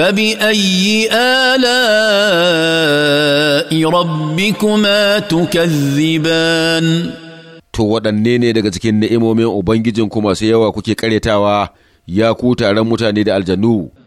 فبأي آلاء ربكما تكذبان to waɗanne ne daga cikin ni'imomin ubangijinku masu yawa kuke ƙaretawa ya ku taron mutane da aljannu